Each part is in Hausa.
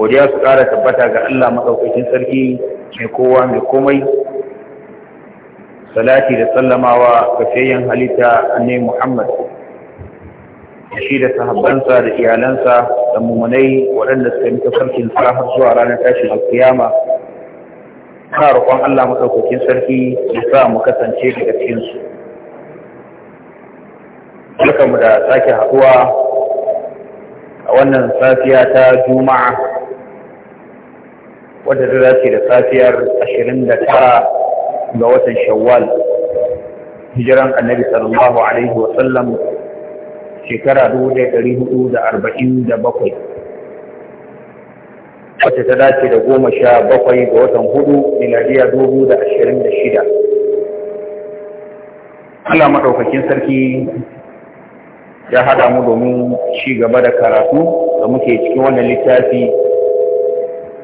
godiya su ƙara tabbata ga Allah maɗaukakin sarki mai kowa mai komai salati da sallamawa ga fiyayyen halitta annai Muhammad da shi da sahabbansa da iyalansa da mummunai waɗanda suka mita sarkin har zuwa ranar tashin alkiyama ka roƙon Allah maɗaukakin sarki ya sa mu kasance daga cikinsu. Barkanmu da sake haɗuwa a wannan safiya ta Juma'a wadda ta dace da safiyar 29 ga watan shawwal hijiran annabi sallallahu alaihi sallam shekara 1447 wacce ta dace da goma sha bakwai ga watan hudu miladiya dubu da ashirin da shida Allah maɗaukakin sarki ya haɗa mu domin ci gaba da karatu da muke cikin wannan littafi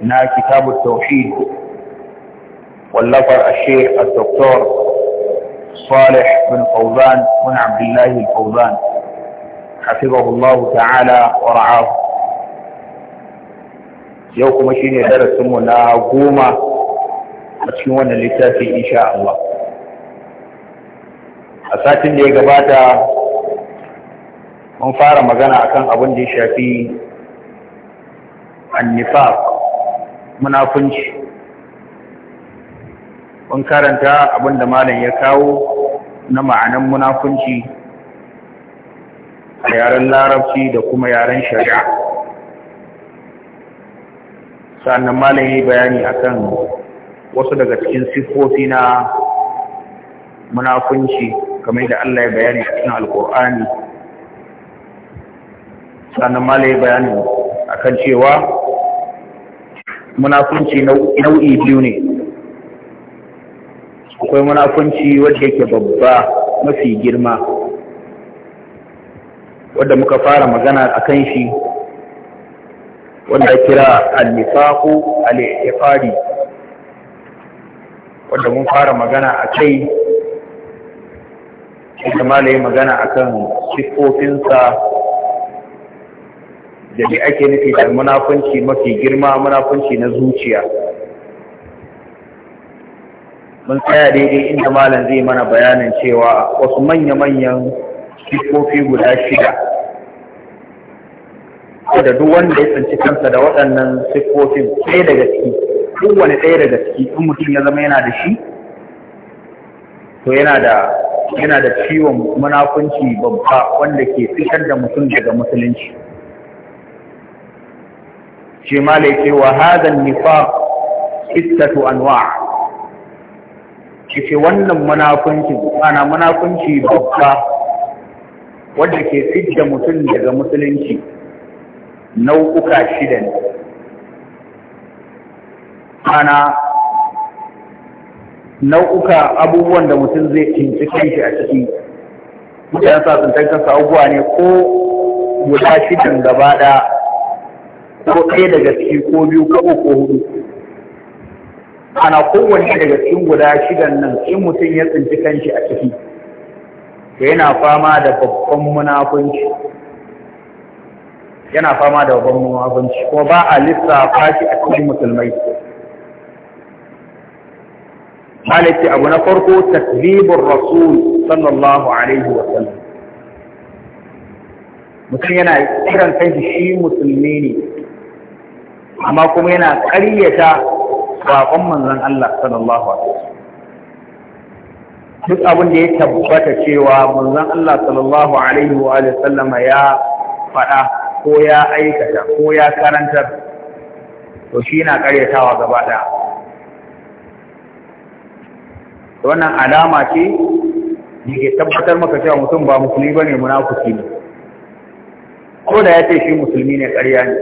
na kitabu tauhid wallafar ashe a doktor salih bin fauzan bin abdullahi fauzan hafizahullahu ta'ala wa ra'ahu yau kuma shine darasinmu na goma a cikin wannan littafi insha Allah a satin da ya gabata mun fara magana akan abin da ya shafi annifaq munafunci kun karanta abin da malam ya kawo na ma'anan munafunci a yaren larabci da kuma yaren shari'a sannan malam ya yi bayani akan wasu daga cikin siffofi na munafunci kamar da Allah ya bayani a cikin alkur'ani sannan malam ya bayani akan cewa munafunci nau'i biyu ne akwai munafunci wadda yake babba mafi girma wadda muka fara magana a kan shi wadda kira al-nifaku al wadda mun fara magana a kai shi magana akan siffofinsa da me ake nufi da munafunci mafi girma munafunci na zuciya mun tsaya daidai inda malam zai mana bayanin cewa wasu manya-manyan siffofi guda shida da duk wanda ya tsinci kansa da waɗannan siffofi ɗaya daga ciki Wani ɗaya daga ciki in mutum ya zama yana da shi to yana da yana da ciwon munafunci babba wanda ke fitar da mutum daga musulunci shi malai ce wa hadan nifaq sittatu anwa' shi ce wannan munafunci ana munafunci babba wanda ke fidda mutum daga musulunci nau'uka shida ne ana nau'uka abubuwan da mutum zai cinci kanshi a ciki mutane sa tsintar kansa abubuwa ne ko guda shidan gaba ɗaya ko ɗaya daga ciki ko biyu ko uku ko hudu ana kowanne daga cikin guda shidan nan in mutum ya tsinci kanshi a ciki yana fama da babban munafunci yana fama da babban munafunci ko ba a lissafa shi a cikin musulmai malaki abu na farko takzibur rasul sallallahu alaihi wa sallam mutum yana kiran kanshi shi musulmi ne amma kuma yana ƙaryata baƙon manzon Allah sallallahu alaihi wasallam duk abin da ya tabbata cewa manzon Allah sallallahu alaihi wa sallam ya faɗa ko ya aikata ko ya karantar to shi yana ƙaryatawa gaba ɗaya wannan alama ce da ke tabbatar maka cewa mutum ba musulmi ba ne, munafuki ne ko da ya ce shi musulmi ne ƙarya ne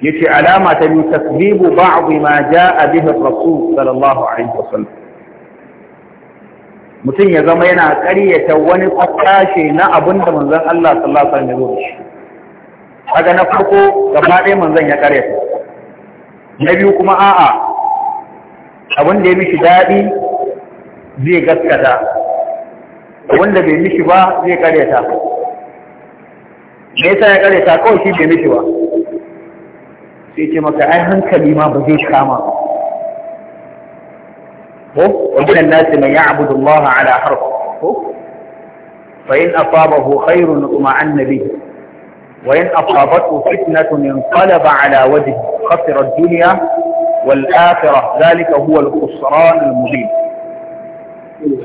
yace alama ta biyu tasbibu ba'd ma jaa bihi rasul sallallahu alaihi wasallam mutum ya zama yana ƙaryata wani kwashe na abin da manzon Allah sallallahu alaihi wasallam ya zo da shi kaga na farko gaba ɗaya manzon ya ƙaryata na biyu kuma a'a abin da ya mishi daɗi zai gaskata wanda bai mishi ba zai ƙaryata me yasa ya ƙaryata kawai shi bai mishi ba sai ce maka ai hankali ma ba zai kama ba ko wannan nasi man ya'budu Allah ala harf ko fa in asabahu khairun uma'an bihi wa in asabathu fitnatun inqalaba ala wajhi khasira ad-dunya wal akhirah dhalika huwa al-khusran al-mubin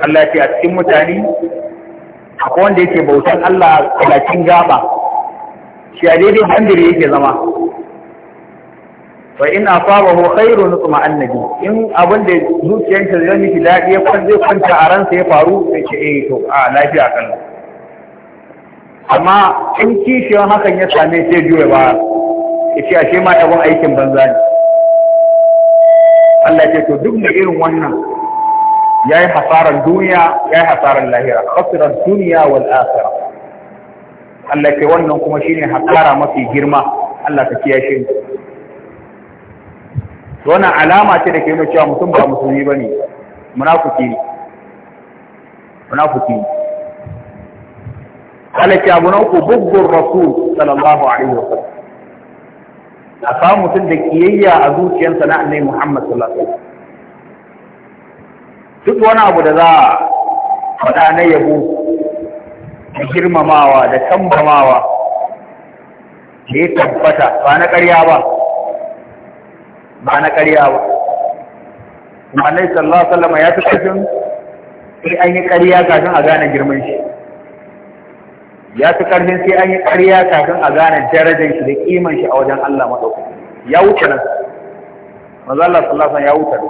Allah ya cikin mutane akwai wanda yake bautan Allah a cikin gaba shi a daidai bandire yake zama fa in asabahu khairun nutma annabi in abin da zuciyarsa zai miki dadi ya zai kwanta a ransa ya faru sai ce eh to a lafiya kan amma in kishiyar hakan ya same sai juya ba ya ce ashe ma abin aikin banza ne Allah ce to duk mai irin wannan yayi hasaran duniya yi hasaran lahira khasira duniya wal akhirah Allah ce wannan kuma shine hasara mafi girma Allah ka kiyaye shi to wannan alama ce da ke nuna cewa mutum ba musulmi ba ne Munafuki ne halaki abu nauku bugbun rasu sallallahu alaihi wasallam a samun mutum da kiyayya a zuciyarsa na annai Muhammad sallallahu alaihi duk wani abu da za a faɗa na yabo da girmamawa da tambamawa da ya tabbata ba na ƙarya ba ba na ƙarya ba kuma annabi sallallahu alaihi ya fi ƙarfin sai an yi ƙarya kafin a gane girman shi ya fi ƙarfin sai an yi ƙarya kafin a gane darajar shi da ƙiman shi a wajen Allah maɗaukaki ya wuce nan maza Allah sallallahu alaihi ya wuce nan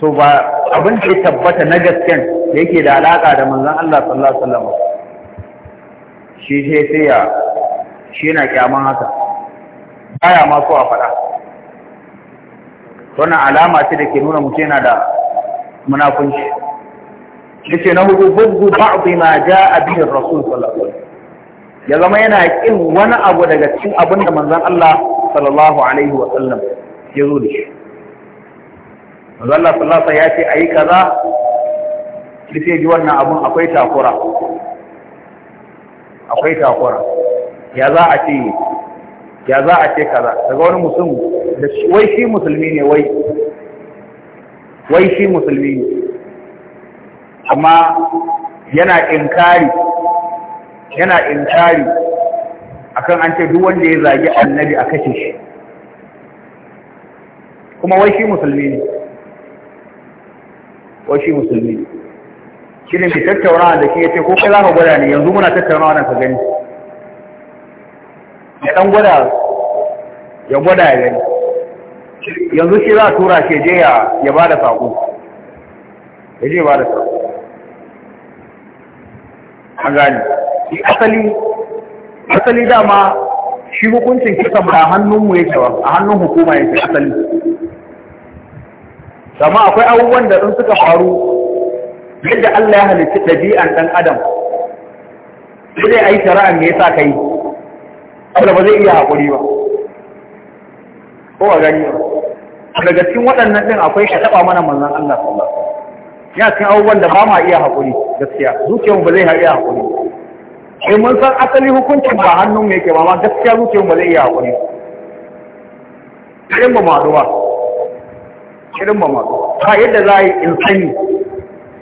so ba abin da ya tabbata na gasken da yake da alaƙa da manzan Allah sallallahu Alaihi wasallam shi sai ya shi na kyaman haka baya ma so a faɗa wannan alama ce da ke nuna mutum yana da munafunci yace na hudu bugu ba'd ma ja'a bihi rasul sallallahu alaihi ya zama yana kin wani abu daga cikin abin da manzon Allah sallallahu alaihi wa sallam ya zo da shi manzon Allah sallallahu alaihi ya ce ayi kaza ce ji wannan abun akwai takura akwai takura ya za a ce ya za a ce kaza daga wani mutum da wai shi musulmi ne wai wai shi musulmi ne amma yana inkari yana inkari akan an ce duk wanda ya zagi annabi a kashe shi kuma wai shi musulmi ne wai shi musulmi ne shi ne mai tattaunawa da shi ya ce ko kai za ka gwada ne yanzu muna tattaunawa nan ka gani ya ɗan gwada ya gwada ya yi yanzu shi za a tura shi je ya ba da saƙo ya je ba da saƙo a gani shi asali asali dama shi hukuncin kisan ba hannunmu yake ba a hannun hukuma yake asali sama akwai abubuwan da sun suka faru yadda Allah ya halitta ɗabi'an ɗan adam sai dai a yi ne me sa ka yi wanda ba zai iya haƙuri ba ko a gani ba daga cikin waɗannan ɗin akwai shi taɓa mana manzan Allah sallallahu alaihi ya cikin abubuwan da ba ma iya haƙuri gaskiya zuciyar ba zai iya haƙuri sai eh, mun san asali hukuncin ba hannun ke ba ma gaskiya zuciyar ba zai iya haƙuri irin ba ma duwa irin ba ma ba yadda za a yi in sani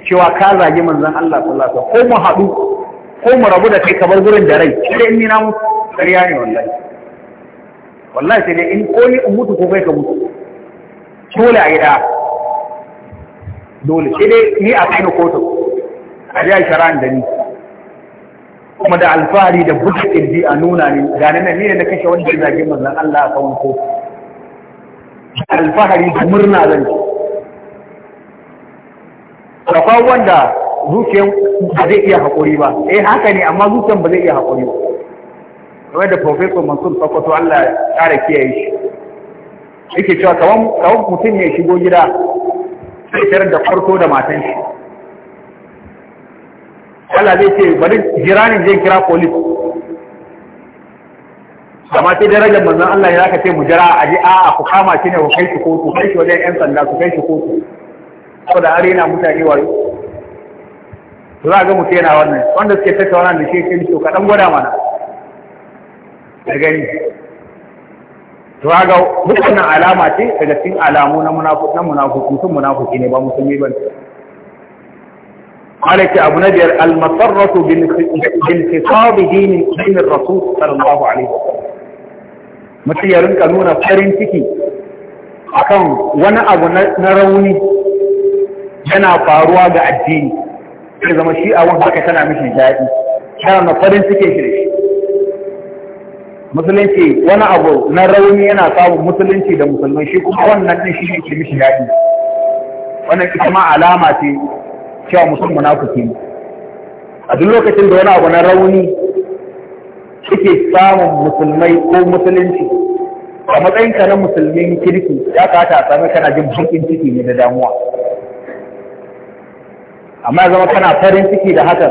cewa ka zagi manzan Allah sallallahu ko mu haɗu ko mu rabu da kai kamar gurin da rai sai in ni na ƙarya ne wallahi wallahi sai dai in koli in mutu ko kai ka mutu dole a yi da dole sai dai ni a kai kotu a ji a shara da ni kuma da alfahari da buɗe ƙirji a nuna ne na nan ne na kashe wanda zage manzan Allah a kawon ko alfahari da murna zan ci akwai wanda zuciyan ba zai iya haƙuri ba eh haka ne amma zuciyan ba zai iya haƙuri ba kamar da professor mansur sokoto allah kara kiyaye shi yake cewa kawan mutum ya shigo gida sai tarar da farko da matan shi Allah zai ce bari jiranin zai kira polis amma sai darajar manzan Allah ya zaka ce mu jira a ji a'a ku kama shi ne ku kai shi kotu kai shi wajen yan sanda ku kai shi kotu saboda an rena mutane wayo to za ga mutu yana wannan wanda suke tattauna da shi sai to ka dan gwada mana da gani to ga alama ce daga cikin alamu na munafuki, na munafiki sun munafiki ne ba musulmi ba malaki abu na biyar al-masarratu bil khisab dinin rasu, rasul sallallahu alaihi wasallam mutum ya rinka nuna farin ciki akan wani abu na rauni yana faruwa ga addini sai zama shi abun haka tana mishi daɗi tana farin cikin shi musulunci wani abu na rauni yana samun musulunci da musulmai shi kuma wannan ɗin shi ke mishi yaƙi wannan ita ma alama ce cewa mutum ku ne a duk lokacin da wani abu na rauni suke samun musulmai ko musulunci a matsayinka na musulmin kirki ya kata a sami kana jin bakin ciki ne da damuwa amma ya zama kana farin ciki da haka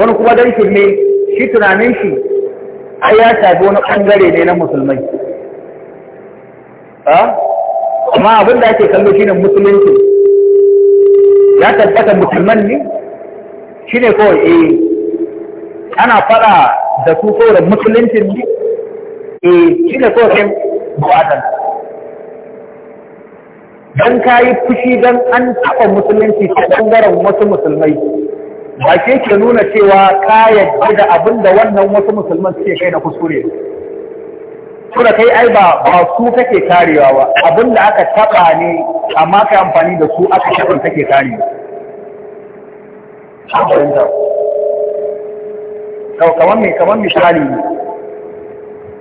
wani kuma dan shirme shi tunanin shi ai ya shafi wani ɓangare ne na musulmai amma abin da ake kallo shi ne musulunci ya tabbata musulman ne Shi ne kawai eh ana fara da su saboda musuluncin ne eh shine kawai kai don ka yi fushi don an taɓa musulunci ta ɓangaren wasu musulmai ba ke ke nuna cewa ka yadda da abin da wannan wasu musulman suke kai na kuskure da kai ai ba ba su kake karewa ba abin da aka taba ne amma ka amfani da su aka taba kake kare kau kamar mai kamar misali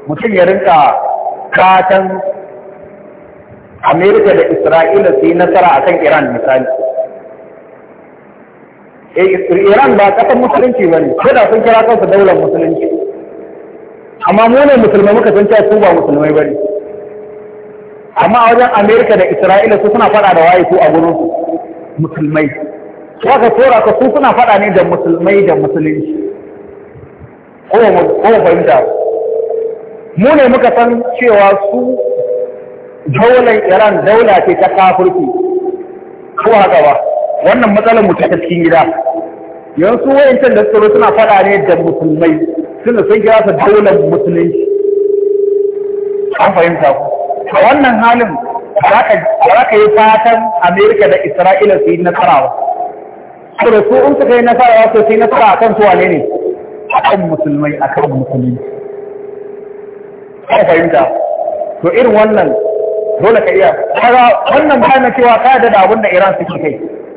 mutum ya rinka katan Amerika da Isra'ila su yi nasara kan Iran misali Eh, Iran ba kasar musulunci ba ne, ko da sun kira kansu daular musulunci. Amma mu ne musulmai muka san cewa su ba musulmai ba ne. Amma a wajen Amerika da Isra'ila su suna faɗa da waye su a gurin musulmai. Su aka tora ka su suna faɗa ne da musulmai da musulunci. Ko ba fahimta. Mu ne muka san cewa su daular Iran daula ce ta kafurki. Ko haka ba. wannan matsalar mu ta cikin gida yanzu can da tsoro suna faɗa ne da musulmai suna sun kira su daular musulunci an fahimta ku a wannan halin za ka yi fatan amerika da isra'ila su yi nasara ba saboda su in suka yi nasara ba su yi nasara a kan suwa ne a kan musulmai a kan musulunci an fahimta to irin wannan dole ka iya wannan bayan cewa ka da abin da iran suke kai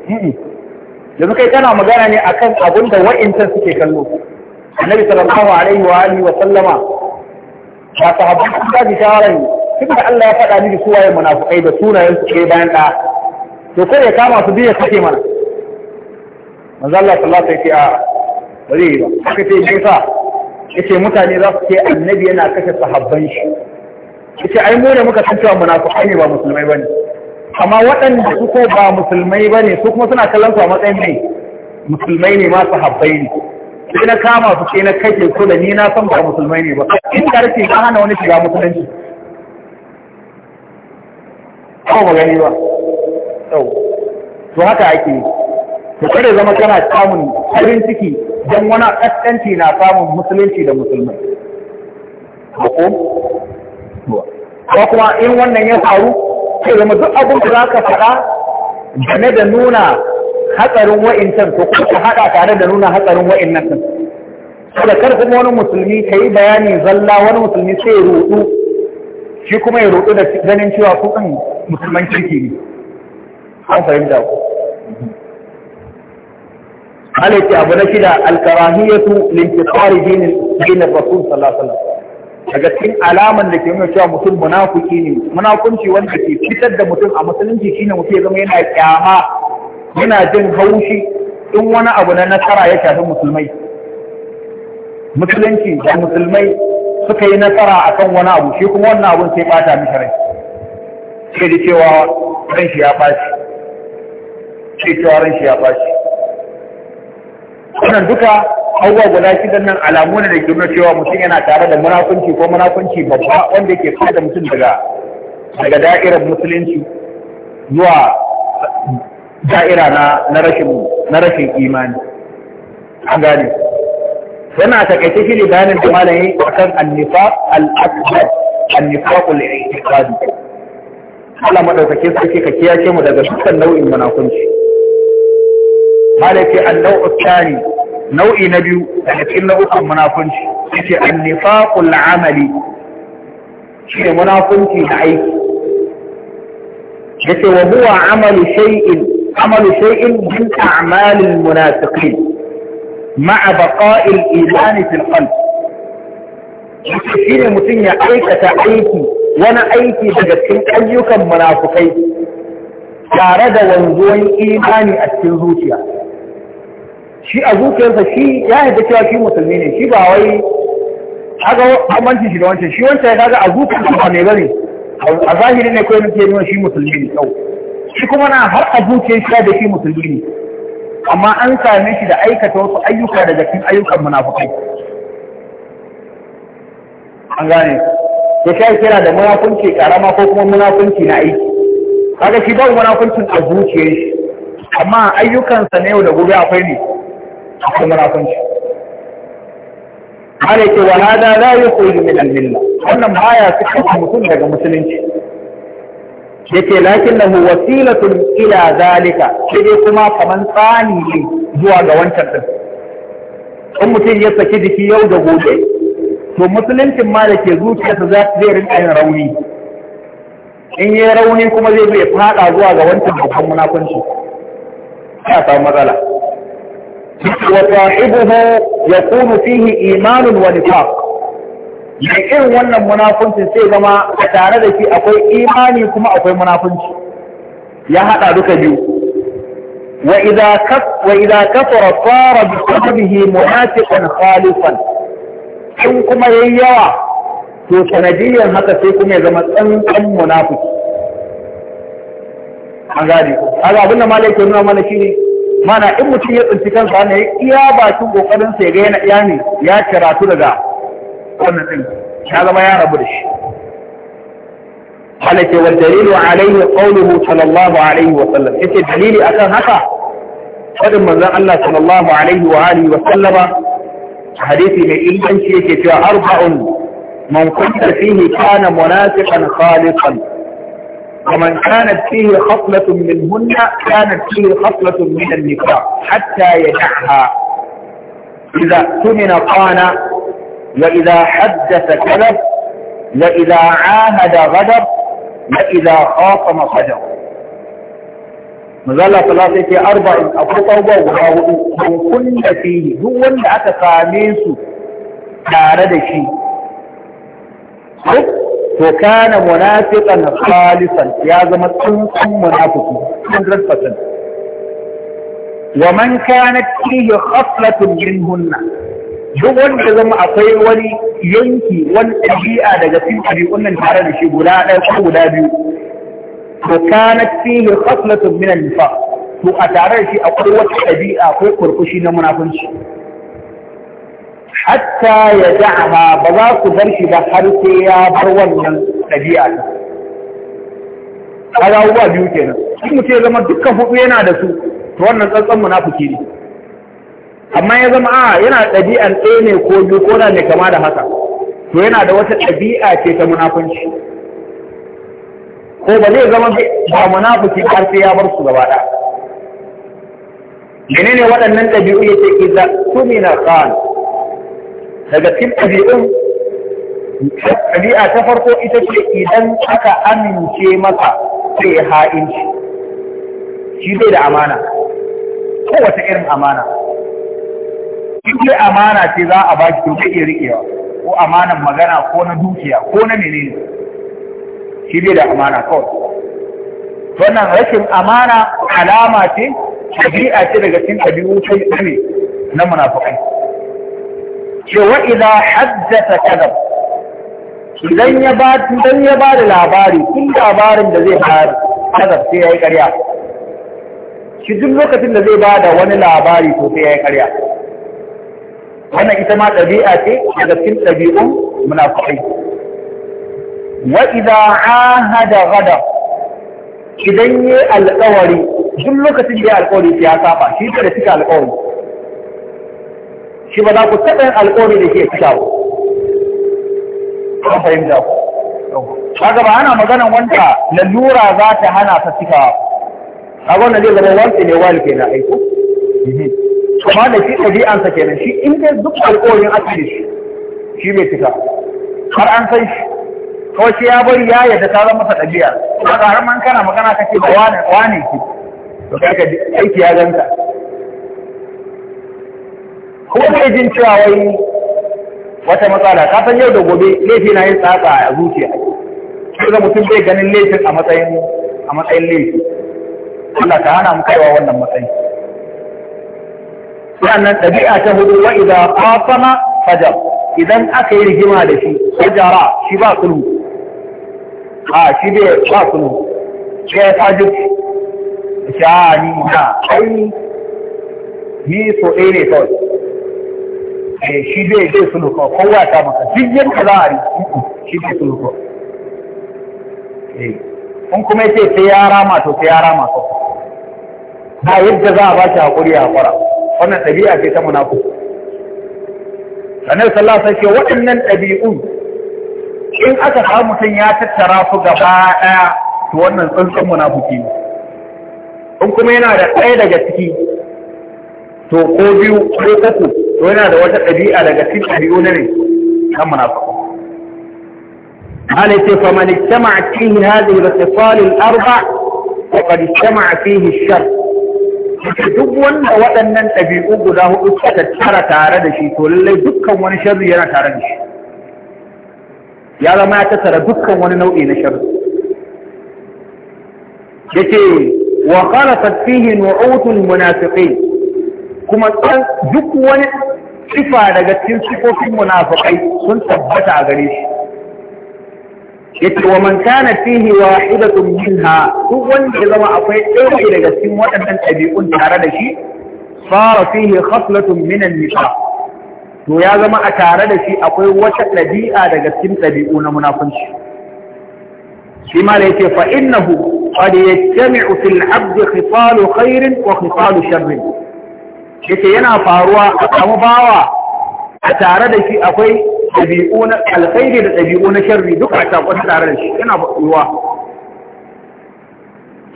yanzu kai kana magana ne akan abin da wa'incan suke kallo annabi sallallahu alaihi wa alihi wa sallama ba ta su da ji shawaran da Allah ya faɗa miki suwaye munafikai da sunayen su ke bayan da to kai ya kama su biye kake mana manzo Allah sallallahu alaihi wa bari ba kake ce bai sa yace mutane za su ce annabi yana kashe sahabban shi yace ai mu ne muka san cewa munafikai ne ba musulmai bane amma waɗanda su ko ba musulmai ba ne su kuma suna kallon su a matsayin ne musulmai ne masu habbai ne sai na kama su sai na kake su da ni na san ba musulmai ne ba in ka rike hana wani shiga musulunci ko ba gani ba yau to haka ake yi to kada zama kana samun farin ciki don wani kaskanci na samun musulunci da musulmai ko kuma in wannan ya faru sai zama duk abin da za ka faɗa game da nuna hatsarin wa'incan to ko ka haɗa tare da nuna hatsarin wa'innan din saboda kar kuma wani musulmi ka yi bayani zalla wani musulmi sai ya rudu shi kuma ya rudu da ganin cewa ku musulman kirki ne an fahimta ku عليك أبو نشد الكراهية لانتصار دين الرسول صلى الله عليه وسلم daga cikin alaman da ke nuna cewa mutum munafuki ne munafunci wanda ke fitar da mutum a musulunci shine mutum ya zama yana kyama yana jin haushi in wani abu na nasara ya shafi musulmai musulunci da musulmai suka yi nasara akan wani abu shi kuma wannan abun sai bata mishi rai sai da cewa ran shi ya bashi sai cewa ran shi ya wannan duka Hauwa, guda shidan nan alamu ne da ke nuna cewa mutum yana tare da munafunci ko munafunci babba wanda yake fada mutum daga daga da'irar musulunci zuwa da'ira na na rashin na rashin imani an gane yana takaice shi ne bayanin da malayi akan annifaq al-akbar annifaq al itiqad Allah madaukakin sarki ka kiyace mu daga dukkan nau'in munafunci malaki an-naw'u tsani nau'i na biyu daga cikin nau'ukan munafunci yace annifaqul amali shine munafunci na aiki yace wa huwa amalu shay'in amalu shay'in min a'malil munafiqin ma'a baqa'il iman fil qalb shine mutun ya aikata aiki wani aiki daga cikin ayyukan munafukai tare da wanzuwan imani a cikin zuciya shi a zuciyarsa shi ya yadda cewa shi musulmi ne shi ba wai haka bambancin shi da wancan shi wancan ya daga a zuciyarsa ba mai ne. a zahiri ne kawai nake nuna shi musulmi ne kyau shi kuma na har a zuciyar shi da shi musulmi ne amma an same shi da aikata wasu ayyuka daga cikin ayyukan munafukai an gane ya sha kira da munafunci karama ko kuma munafunci na aiki kaga shi ba munafuncin a zuciyar shi amma ayyukansa na yau da gobe akwai ne akwai munafunci ana ce wa hada la yukhrij min al-milla wannan baya cikin mutum daga musulunci Ya yake lakinnahu Wasila ila zalika sai dai kuma kaman tsani ne zuwa ga wancan din in mutum ya saki jiki yau da gobe to musuluncin ma da ke zuciyarsa za zai rinka yin rauni in yi rauni kuma zai bai fada zuwa ga wancan babban munafunci ya samu matsala وصاحبه يكون فيه إيمان ونفاق mai irin wannan munafuncin sai zama a tare da shi akwai imani kuma akwai munafunci ya haɗa duka biyu wa idza kas wa idza kasara sara bi sababihi munafiqan khalifan in yayi yawa to sanadiyan haka sai kuma ya zama tsantsan munafiki an gane ko kaga abin da malai ke nuna mana shine mana in mutum ya tsinci kansa ne iya bakin kokarin sa ga yana iya ne ya karatu daga wannan din ya zama ya rabu da shi halake wa dalilu alaihi qawluhu sallallahu alaihi wa sallam yace dalili akan haka fadin manzon Allah sallallahu alaihi wa alihi wa sallama hadisi mai inganci yake cewa arba'un man kunta fihi kana munafiqan khaliqan ومن كانت فيه خصلة منهن كانت فيه خصلة من النكاح حتى يدعها إذا اؤتمن قان وإذا حدث كذب وإذا عاهد غدر وإذا خاصم صدر مظلة ثلاثة ce arba'in akwai tauba guda hudu don kunna to kana munafiqan khalisan ya zama tsuntsun munafiki 100% wa man kanat fihi khaflatun minhunna duk wanda zama akwai wani yanki wani ɗabi'a daga cikin ɗabi'un nan tare da shi guda ɗaya ko guda biyu to kanat fihi khaflatun minan an-nifaq to a tare da shi akwai wata ɗabi'a akwai kurkushi na munafunci hatta ya da'ama ba za su bar shi ba har sai ya bar wannan ɗabi'a ta kaga abubuwa biyu kenan Shi mutum ya zama dukkan hudu yana da su to wannan tsantsan munafiki ne amma ya zama a yana ɗabi'an ɗaya ne ko biyu ko da ne kama da haka to yana da wata ɗabi'a ce ta munafunci ko ba zai zama ba munafuki har sai ya bar su gaba ɗaya menene waɗannan ɗabi'u yake su mina qala daga cikin ɗabi'un ɗabi'a ta farko ita ce idan aka amince masa sai ya ha'inci shi zai da amana kowace irin amana shi amana ce za a ba shi to kai riƙewa ko amanan magana ko na dukiya ko na menene shi zai da amana kawai wannan rashin amana alama ce ɗabi'a ce daga cikin ɗabi'u sai na munafukai cewa idan haddasa kadab idan ya ba ya ba da labari kun labarin da zai bayar kadab sai yi ƙarya shi duk lokacin da zai ba da wani labari to sai yi ƙarya wannan ita ma ɗabi'a ce a cikin ɗabi'un fahimci. wa idza da gada idan yayi alƙawari duk lokacin da ya alƙawari ya saba shi da cika alƙawari shi ba za ku taɓa yin alƙawari da shi ya fita ba an fahimta ku kaga ba ana maganan wanda lalura za ta hana ta cika a wannan zai zama wanke ne wani kenan aiko kuma da shi ɗabi'ansa kenan shi in dai duk alƙawarin asiri shi shi bai cika har an san shi Ko shi ya bari ya yadda ta zama masa ɗabi'a kuma har man kana magana kake ba wane ki to kai ka aiki ya ganta. kuma bai jin cewa wai wata matsala ka san yau da gobe laifi na yin tsatsa a zuciya ko da mutum bai ganin laifin a matsayin a matsayin laifi Allah ka hana mu kaiwa wannan matsayi sannan tabi'a ta hudu wa idan qasama fajar idan aka yi rigima da shi fajara shi ba sulhu a shi bai ba sulhu shi ta fajici shi a ni na ai ni so ne kawai Eh, shi zai zai sulufa kowa ta maka duk yadda za a yi shi zai sulufa eh, in kuma yace sai ya rama to sai ya rama to ba yadda za a ba shi hakuri a hakura wannan ɗabi'a ce ta munafiki sannan sallah sai ce waɗannan ɗabi'un in aka samu mutum ya tattara su gaba ɗaya to wannan tsantsan munafuki ne in kuma yana da ɗaya daga ciki to ko biyu ko uku to yana da wata ɗabi'a daga cikin ɗabi'u na ne kan munafiqun قالت فمن اجتمعت فيه هذه الاتصال الأربع فقد اجتمع فيه الشر duk wanda waɗannan ɗabi'u guda hudu suka tattara tare da shi to lallai dukkan wani sharri yana tare da shi ya zama ya tattara dukkan wani nau'i na sharri yace wa khalafat fihi nu'utul munafiqin kuma duk wani sifa daga cikin sifofin munafiqai sun tabbata a gare shi yace wa man kana fihi wahidatun minha duk wanda ya zama akwai ɗaya daga cikin waɗannan ɗabi'un tare da shi fara fihi khaslatun min an to ya zama a tare da shi akwai wata ɗabi'a daga cikin ɗabi'u na munafunci shi ma da yake fa innahu qad yajtami'u fil 'abdi khisalu khairin wa khisalu sharrin yake yana faruwa a samu bawa a tare da shi akwai ɗabi'u na alkhairi da ɗabi'u na sharri duka a tabbata tare da shi yana faruwa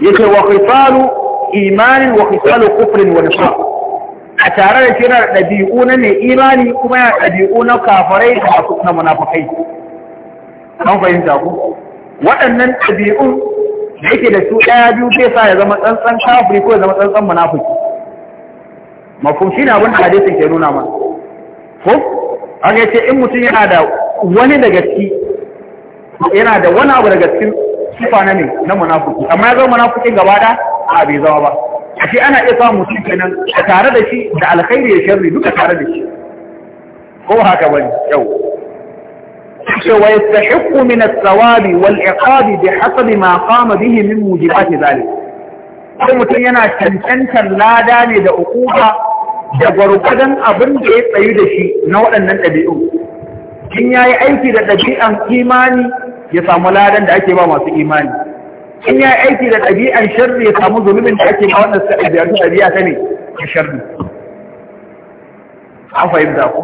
yake wa khisalu imanin wa khisalu kufrin wa nifaq a tare da shi yana da ɗabi'u na ne imani kuma yana da ɗabi'u na kafarai da masu na munafikai an fahimta ku waɗannan ɗabi'un da yake da su ɗaya biyu zai sa ya zama tsantsan kafiri ko ya zama tsantsan munafiki mafhum shine abin da hadisin ke nuna ma. ko an ce in mutum yana da wani daga ciki yana da wani abu daga cikin sifa na ne na munafuki, amma ya zama munafiki gaba da a bai zama ba ashe ana iya samun mutum kenan a tare da shi da alkhairi ya sharri duka tare da shi ko haka bane yau ويستحق من الثواب والعقاب بحسب ما قام به من موجبات ذلك ko mutum yana cancantar lada ne da ukuba da gwargwadon abin da ya tsayu da shi na waɗannan ɗabi'u in ya yi aiki da ɗabi'an imani ya samu ladan da ake ba masu imani in ya yi aiki da ɗabi'an shirri ya samu zunubin da ake ba waɗansu ɗabi'atu ɗabi'a ta ne a shirri an fahimta ku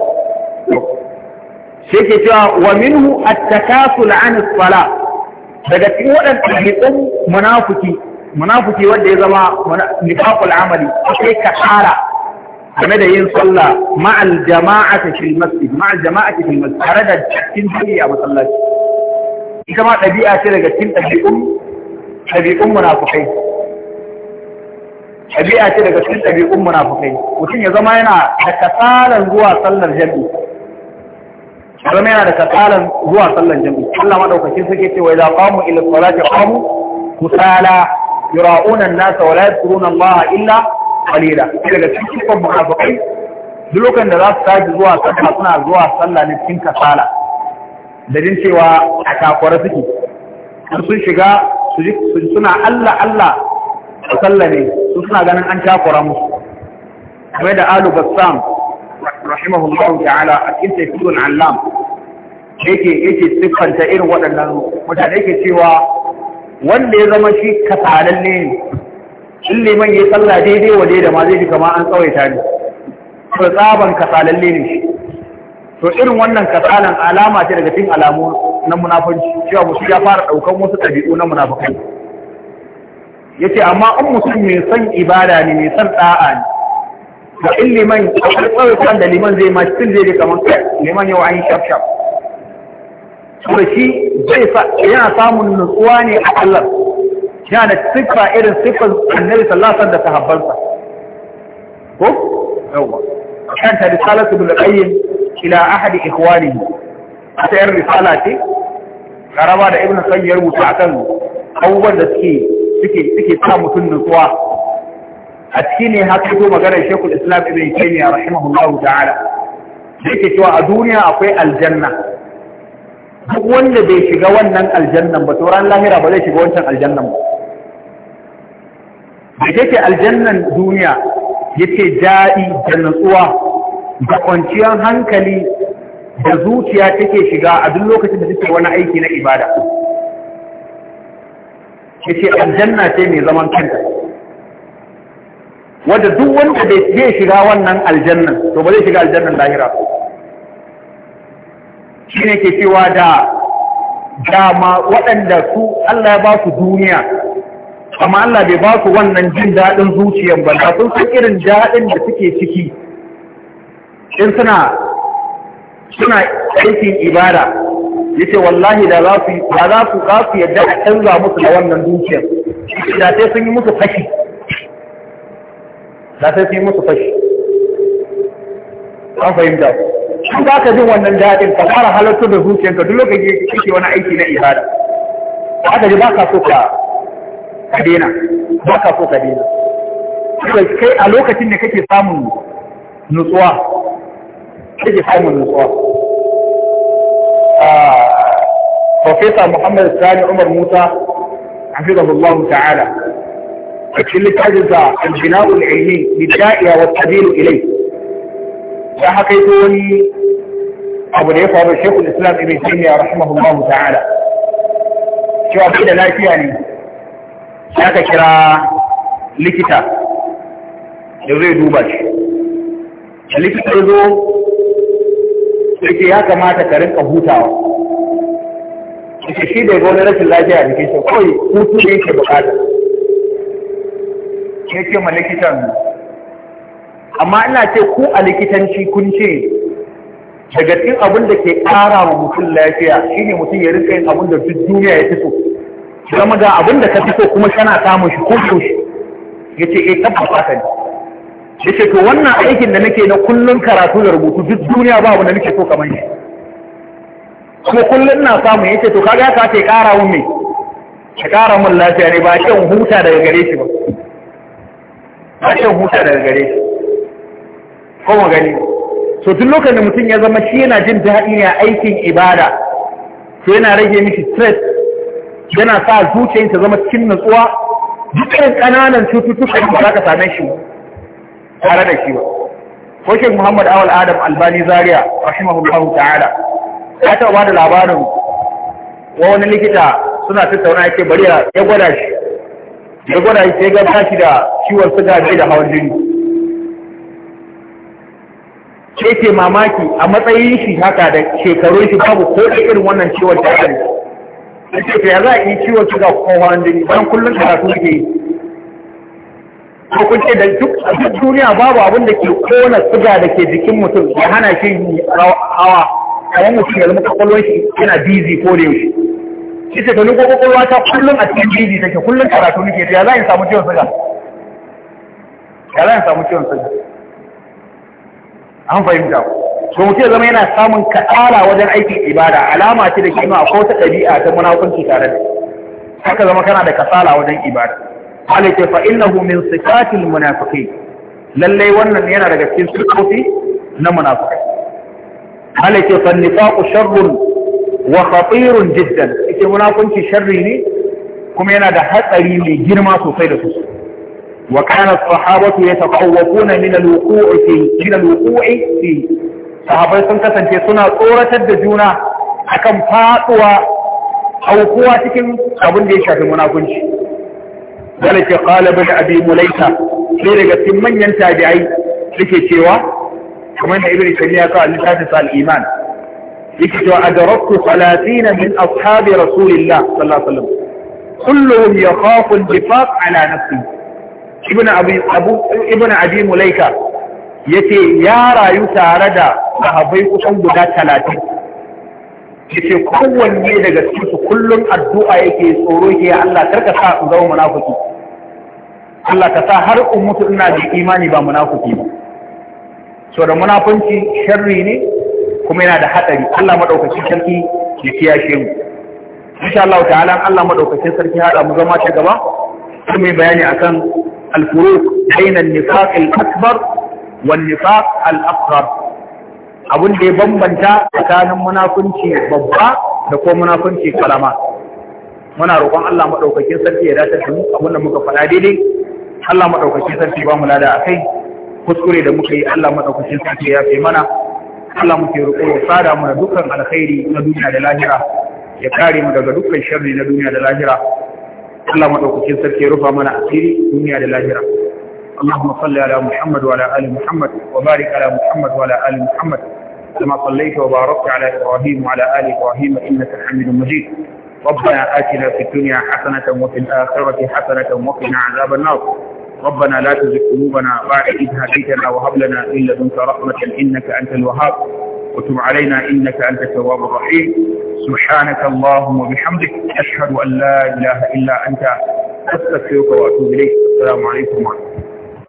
shi ke cewa wa minhu at-takasul an as-sala daga cikin waɗannan ɗabi'un munafiki munafiki wanda ya zama nifaqul amali sai ka tsara game da yin sallah ma'al jama'ati fil masjid ma'al jama'ati fil masjid tare da cikin jami'a a masallaci ita ma dabi'a ce daga cikin ɗabi'un ɗabi'un munafikai ɗabi'a ce daga cikin ɗabi'un munafikai mutum ya zama yana da kasalan zuwa sallar jami'i zama yana da katsalan zuwa sallar jami'i Allah madaukakin suke ce wa idza qamu ila salati qamu kusala yura'una an-nasa wa la yadhkuruna Allah illa qalila daga cikin munafiqai duk lokacin da za su tashi zuwa sallah suna zuwa sallah ne cikin kasala da jin cewa a takwara suke sun shiga suna Allah Allah a sallah ne su suna ganin an takwara musu kamar da Alu Bassam rahimahullahu ta'ala a cikin tafsirul Allam yake yake siffanta irin waɗannan mutane yake cewa wanda ya zama shi kasalalle ne in liman ya tsalla daidai wa da ma zai ji kama an tsawaita ne to tsaban kasalalle ne shi to irin wannan kasalan alama ce daga cikin alamu na munafanci cewa musu ya fara daukan wasu ɗabi'u na munafakai yace amma in mutum mai son ibada ne mai son da'a ne da in liman a kan da liman zai ma cikin zai kamar liman yau an yi shaf shaf kuma shi yana samun nutsuwa ne a Allah yana da siffa irin siffar annabi sallasan da sahabbansa ko yawa kan ta risala su bil qayyim ila ahadi ikhwanihi ta yar risala ce karama da ibnu qayyim mutu rubuta akan abubuwan da suke suke suke sa mutun nutsuwa a cikin ne haka to maganar Sheikhul Islam Ibn Taymiyyah rahimahullahu ta'ala yake cewa a duniya akwai aljanna duk wanda bai shiga wannan aljannan ba to lahira ba zai shiga wancan aljannan ba da yake aljannan duniya yace daɗi da nutsuwa da kwanciyar hankali da zuciya take shiga a duk lokacin da take wani aiki na ibada ce aljanna ce mai zaman kanta wanda duk wanda bai shiga wannan aljannan to ba zai shiga aljannan lahira ba shi ne ke cewa da dama waɗanda su Allah ya ba su duniya amma Allah bai ba su wannan jin daɗin zuciyan ba da sun san irin daɗin da suke ciki in suna suna aikin ibada ya ce wallahi da za su za su za su yadda a canza musu da wannan dukiyar da sai sun yi musu fashi da sai sun musu fashi an fahimta in ba ka jin wannan daɗin ka fara halartar da zuciyarka duk lokacin da kake wani aiki na ibada haka ji ba ka so ka daina ba ka so ka daina kai a lokacin da kake samun nutsuwa kake samun nutsuwa ah, Profesa Muhammad Sani Umar Musa, Hafizahullahu ta'ala, a cikin littafinsa Al-Bina'ul Ilmi, Bidda'iya wa Tabiru Ilai, ya haka ito wani abu da ya faru shekul islam ibn taymiya rahimahullahu ta'ala cewa bai da lafiya ne ya ka kira likita da zai duba shi da likita ya zo yake ya kamata ka rinka hutawa yake shi da wani rashin lafiya a ke shi kawai hutu ne yake bukata yake ma likitan amma ina ce ku a likitanci kun ce daga cikin abin da ke ƙara wa mutum lafiya shine mutum ya rika yin abin da duk duniya ya fi so zama ga abin da ka fi so kuma kana samun shi ko so shi ya ce eh tabbas ka ne ya ce to wannan aikin da nake na kullum karatu da rubutu duk duniya ba abin da nake so kamar shi kuma kullum na samu ya ce to kaga ya sace ƙara wa me ka ƙara mun lafiya ne ba a ce huta daga gare shi ba ba a ce huta daga gare shi ko mu gani so tun lokacin da mutum ya zama shi yana jin daɗi ne a aikin ibada to yana rage mishi stress yana sa zuciyar ta zama cikin natsuwa dukkan ƙananan cututtuka da za ka same shi tare da shi ba ko shek muhammad awal adam albani zaria rahimahullahu ta'ala ya taɓa da labarin wa wani likita suna tattauna yake bari ya gwada shi ya gwada shi sai ga tashi da ciwon suga da hawan jini Ce ke mamaki a matsayin shi haka da shekarun shi babu ko da irin wannan ciwon da ake sai ya za a yi ciwon shiga da jini bayan kullum karatu ke yi ko kun ce da duk duniya babu abin da ke kona suga da ke jikin mutum ya hana shi hawa kamar mutum ya zama kwakwalwar shi yana busy ko da yaushe shi ce domin kwakwalwa ta kullum a cikin busy take kullum karatu nake ya za a yi samu ciwon suga ya za a yi samu ciwon suga an fahimta so mutum zama yana samun kaɗala wajen aikin ibada alama ce da ke ma akwai ɗabi'a ta munafunci tare da haka zama kana da kasala wajen ibada halitta fa innahu min sifatil munafiqin lalle wannan yana daga cikin sifofi na munafiqai halitta fa nifaqu sharrun wa khatirun jiddan ita munafunci sharri ne kuma yana da hatsari mai girma sosai da sosai وكان الصحابة يتخوفون من الوقوع فيه من الوقوع فيه صحابة سنكسن في سنة صورة الدجونة أكم فاقوة أو قواتكم أبن ديشا في منافنش ذلك قال ابن أبي مليكة لذلك من ينتابعي لكي تيوى كمان ابن تيمية قال لتاتس الإيمان لكي أدركت ثلاثين من أصحاب رسول الله صلى الله عليه وسلم كلهم يخاف النفاق على نفسه ibn abi abu ya ce mulaika yace ya rayu tare da sahabbai kusan guda 30 yace kowanne daga cikin su kullum addu'a yake tsoro ke ya Allah karka sa in zama munafiki Allah ka sa har in mutu ina da imani ba munafiki ba so da munafunci sharri ne kuma yana da hadari Allah madaukakin sarki ya kiyashe mu insha Allah ta'ala Allah madaukakin sarki hada mu zama ta gaba sai bayani akan الفروق بين النفاق الأكبر والنفاق الأصغر Abun da ya bambanta tsakanin munafunci babba da ko munafunci kalama. muna roƙon Allah madaukakin sarki ya dace da mu abin da muka faɗa daidai Allah madaukakin sarki ba mu lada akai kuskure da muka yi Allah madaukakin sarki ya fi mana Allah muke roƙo ya sada dukkan alkhairi na duniya da lahira ya kare mu daga dukkan sharri na duniya da lahira Allah madaukakin sarki rufa mana asiri duniya da lahira اللهم صل على محمد وعلى آل محمد وبارك على محمد وعلى آل محمد كما صليت وباركت على إبراهيم وعلى آل إبراهيم إنك حميد مجيد ربنا آتنا في الدنيا حسنة وفي الآخرة حسنة وقنا عذاب النار ربنا لا تزغ قلوبنا بعد إذ هديتنا وهب لنا من لدنك رحمة إنك أنت الوهاب وتب علينا إنك أنت التواب الرحيم سبحانك اللهم وبحمدك أشهد أن لا إله إلا أنت أستغفرك وأتوب إليك السلام عليكم ورحمة الله